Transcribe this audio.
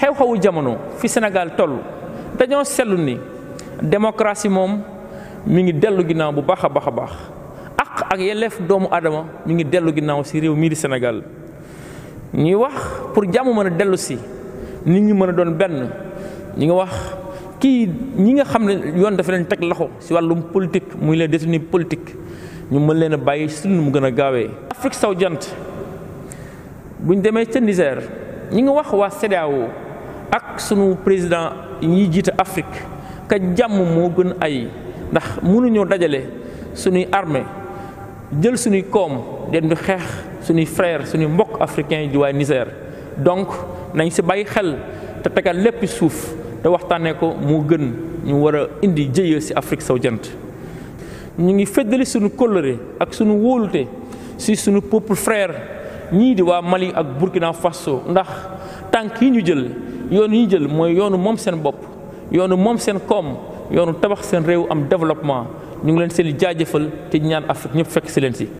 xew-xewu jamono fi Sénégal toll dañoo seetlu ni démocratie moom mu ngi dellu ginnaaw bu baax a baax a baax ak ak yelleef doomu adama mi ngi dellu ginnaaw si réew mii di Sénégal ñuy wax pour jàmm mën a dellu si nit ñi mën a doon benn ñi nga wax kii ñi nga xam ne yoon dafa leen teg loxo si wàllum politique muy les détenus politiques ñu mën leen a bàyyi si nu mu gën a gaawee. Afrique sowu jant buñ demee ca Niger ñi nga wax waa CEDEAO ak sunu président ñiy jiite Afrique ka jàmm moo gën ay ndax mënuñoo dajale suñuy armée jël suñuy koom dem di xeex suñuy frère suñuy mbokk africain di waa Niger donc nañ si bàyyi xel te tegal lépp suuf te waxtaanee ko moo gën ñu war a indi jëye si Afrique sowu jant ñu ngi feddali suñu kóllëre ak suñu wóolute si suñu peuple frère ñii di waa Mali ak Burkina Faso ndax tànk yi ñu jël yoon yi ñu jël mooy yoonu moom seen bopp yoonu moom seen koom yoonu tabax seen réew am développement ñu ngi leen seen jaajëfal te ñaan Afrique ñëpp fekk si leen si.